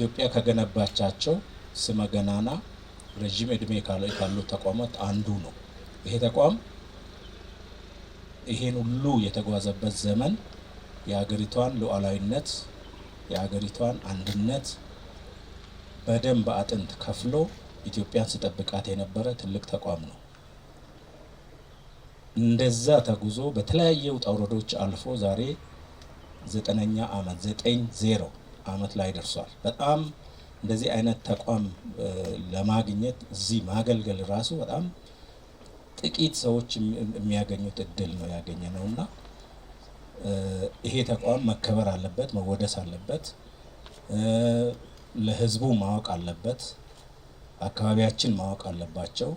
ኢትዮጵያ ከገነባቻቸው ስመ ገናና ረዥም እድሜ ካሉት ተቋማት አንዱ ነው። ይሄ ተቋም ይሄን ሁሉ የተጓዘበት ዘመን የሀገሪቷን ሉዓላዊነት የሀገሪቷን አንድነት በደም በአጥንት ከፍሎ ኢትዮጵያን ስጠብቃት የነበረ ትልቅ ተቋም ነው። እንደዛ ተጉዞ በተለያየ ውጣ ውረዶች አልፎ ዛሬ ዘጠነኛ ዓመት ዘጠኝ ዜሮ አመት ላይ ደርሷል። በጣም እንደዚህ አይነት ተቋም ለማግኘት እዚህ ማገልገል ራሱ በጣም ጥቂት ሰዎች የሚያገኙት እድል ነው ያገኘ ነው እና ይሄ ተቋም መከበር አለበት፣ መወደስ አለበት፣ ለህዝቡ ማወቅ አለበት፣ አካባቢያችን ማወቅ አለባቸው።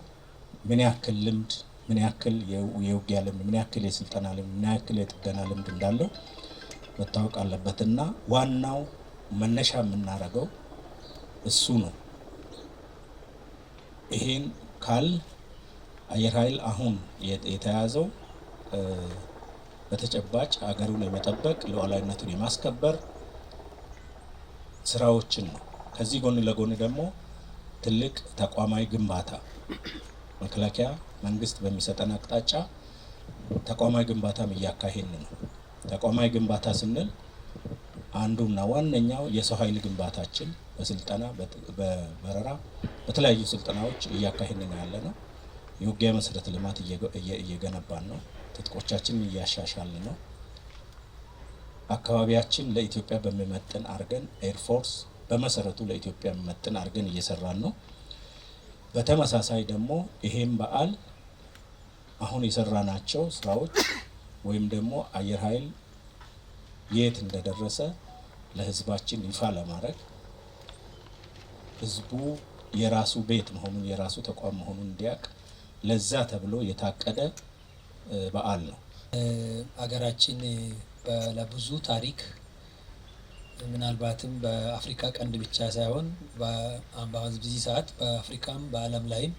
ምን ያክል ልምድ ምን ያክል የውጊያ ልምድ ምን ያክል የስልጠና ልምድ ምን ያክል የጥገና ልምድ እንዳለው መታወቅ አለበት እና ዋናው መነሻ የምናደርገው እሱ ነው። ይሄን ካል አየር ኃይል አሁን የተያዘው በተጨባጭ ሀገሩን የመጠበቅ ሉዓላዊነቱን የማስከበር ስራዎችን ነው። ከዚህ ጎን ለጎን ደግሞ ትልቅ ተቋማዊ ግንባታ መከላከያ መንግስት በሚሰጠን አቅጣጫ ተቋማዊ ግንባታም እያካሄድን ነው። ተቋማዊ ግንባታ ስንል አንዱና ዋነኛው የሰው ኃይል ግንባታችን በስልጠና በበረራ በተለያዩ ስልጠናዎች እያካሄድን ያለ ነው። የውጊያ መሰረተ ልማት እየገነባን ነው። ትጥቆቻችንን እያሻሻልን ነው። አካባቢያችን ለኢትዮጵያ በሚመጥን አድርገን ኤርፎርስ በመሰረቱ ለኢትዮጵያ የሚመጥን አድርገን እየሰራን ነው። በተመሳሳይ ደግሞ ይሄም በዓል አሁን የሰራናቸው ስራዎች ወይም ደግሞ አየር ኃይል የት እንደደረሰ ለህዝባችን ይፋ ለማድረግ ህዝቡ የራሱ ቤት መሆኑን የራሱ ተቋም መሆኑን እንዲያውቅ ለዛ ተብሎ የታቀደ በዓል ነው። አገራችን ለብዙ ታሪክ ምናልባትም በአፍሪካ ቀንድ ብቻ ሳይሆን በዚህ ሰዓት በአፍሪካም በዓለም ላይም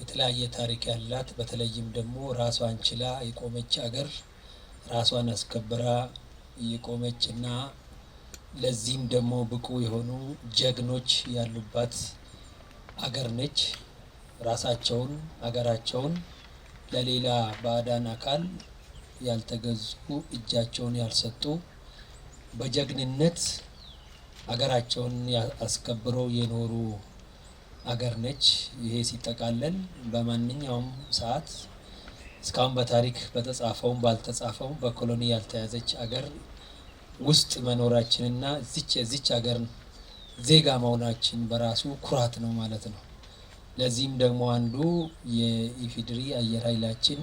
የተለያየ ታሪክ ያላት በተለይም ደግሞ ራሷን ችላ የቆመች አገር ራሷን አስከብራ የቆመችና ለዚህም ደግሞ ብቁ የሆኑ ጀግኖች ያሉባት አገር ነች። ራሳቸውን አገራቸውን ለሌላ ባዕዳን አካል ያልተገዙ እጃቸውን ያልሰጡ በጀግንነት አገራቸውን አስከብረው የኖሩ አገር ነች። ይሄ ሲጠቃለል በማንኛውም ሰዓት እስካሁን በታሪክ በተጻፈውም ባልተጻፈውም በኮሎኒ ያልተያዘች አገር ውስጥ መኖራችንና እዚች የዚች ሀገር ዜጋ መሆናችን በራሱ ኩራት ነው ማለት ነው። ለዚህም ደግሞ አንዱ የኢፌዴሪ አየር ኃይላችን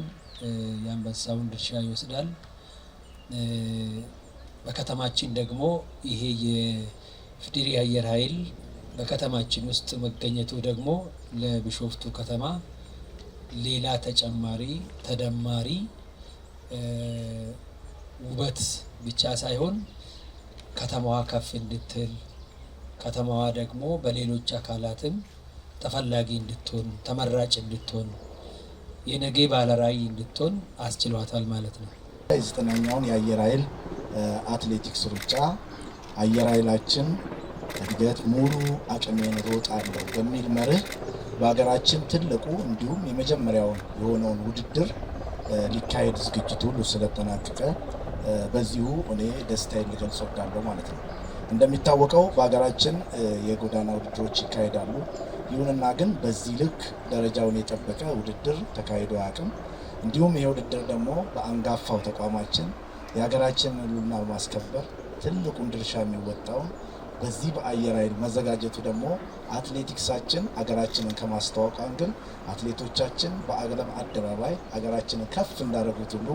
የአንበሳውን ድርሻ ይወስዳል። በከተማችን ደግሞ ይሄ የኢፌዴሪ አየር ኃይል በከተማችን ውስጥ መገኘቱ ደግሞ ለቢሾፍቱ ከተማ ሌላ ተጨማሪ ተደማሪ ውበት ብቻ ሳይሆን ከተማዋ ከፍ እንድትል ከተማዋ ደግሞ በሌሎች አካላትም ተፈላጊ እንድትሆን ተመራጭ እንድትሆን የነገ ባለራዕይ እንድትሆን አስችሏታል ማለት ነው። ዘጠናኛውን የአየር ኃይል አትሌቲክስ ሩጫ አየር ኃይላችን እድገት ሙሉ አቅሜን ሮጣለሁ በሚል መርህ በሀገራችን ትልቁ እንዲሁም የመጀመሪያውን የሆነውን ውድድር ሊካሄድ ዝግጅት ሁሉ ስለተጠናቀቀ በዚሁ እኔ ደስታዬን ልገልጽ እወዳለሁ ማለት ነው። እንደሚታወቀው በሀገራችን የጎዳና ውድድሮች ይካሄዳሉ። ይሁንና ግን በዚህ ልክ ደረጃውን የጠበቀ ውድድር ተካሂዶ አያውቅም። እንዲሁም ይሄ ውድድር ደግሞ በአንጋፋው ተቋማችን የሀገራችንን ሕልውና በማስከበር ትልቁን ድርሻ የሚወጣውን በዚህ በአየር ኃይል መዘጋጀቱ ደግሞ አትሌቲክሳችን አገራችንን ከማስተዋወቅ አንግል አትሌቶቻችን በዓለም አደባባይ አገራችንን ከፍ እንዳደረጉት ሁሉ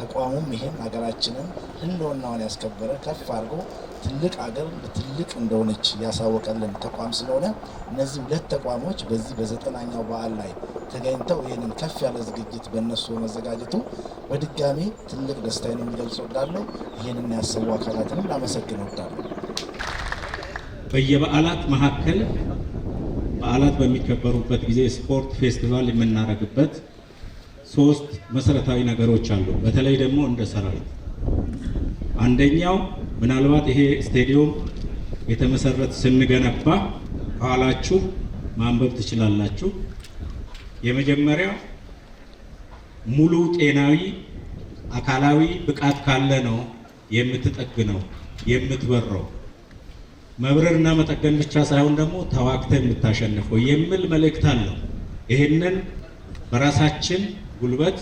ተቋሙም ይሄን አገራችንን ሕልውናዋን ያስከበረ ከፍ አድርጎ ትልቅ አገር ትልቅ እንደሆነች ያሳወቀልን ተቋም ስለሆነ እነዚህ ሁለት ተቋሞች በዚህ በዘጠናኛው በዓል ላይ ተገኝተው ይህንን ከፍ ያለ ዝግጅት በእነሱ በመዘጋጀቱ በድጋሚ ትልቅ ደስታዬን የሚገልጽ ወዳለሁ። ይህንን ያሰቡ አካላትንም ላመሰግን ወዳለሁ። በየበዓላት መካከል በዓላት በሚከበሩበት ጊዜ ስፖርት ፌስቲቫል የምናደርግበት ሶስት መሰረታዊ ነገሮች አሉ። በተለይ ደግሞ እንደ ሰራዊት አንደኛው ምናልባት ይሄ ስቴዲየም የተመሰረት ስንገነባ ኋላችሁ ማንበብ ትችላላችሁ። የመጀመሪያ ሙሉ ጤናዊ አካላዊ ብቃት ካለ ነው የምትጠግነው የምትበረው መብረርና መጠገን ብቻ ሳይሆን ደግሞ ተዋግተ የምታሸንፈው የሚል መልእክት አለው። ይህንን በራሳችን ጉልበት፣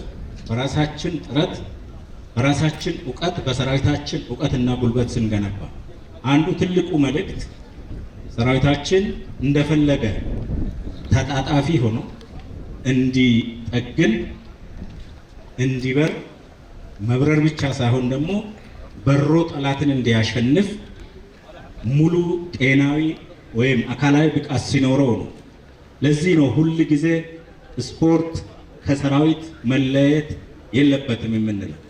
በራሳችን ጥረት፣ በራሳችን እውቀት፣ በሰራዊታችን እውቀትና ጉልበት ስንገነባ አንዱ ትልቁ መልእክት ሰራዊታችን እንደፈለገ ተጣጣፊ ሆኖ እንዲጠግን እንዲበር መብረር ብቻ ሳይሆን ደግሞ በሮ ጠላትን እንዲያሸንፍ ሙሉ ጤናዊ ወይም አካላዊ ብቃት ሲኖረው ነው። ለዚህ ነው ሁል ጊዜ ስፖርት ከሰራዊት መለየት የለበትም የምንለው።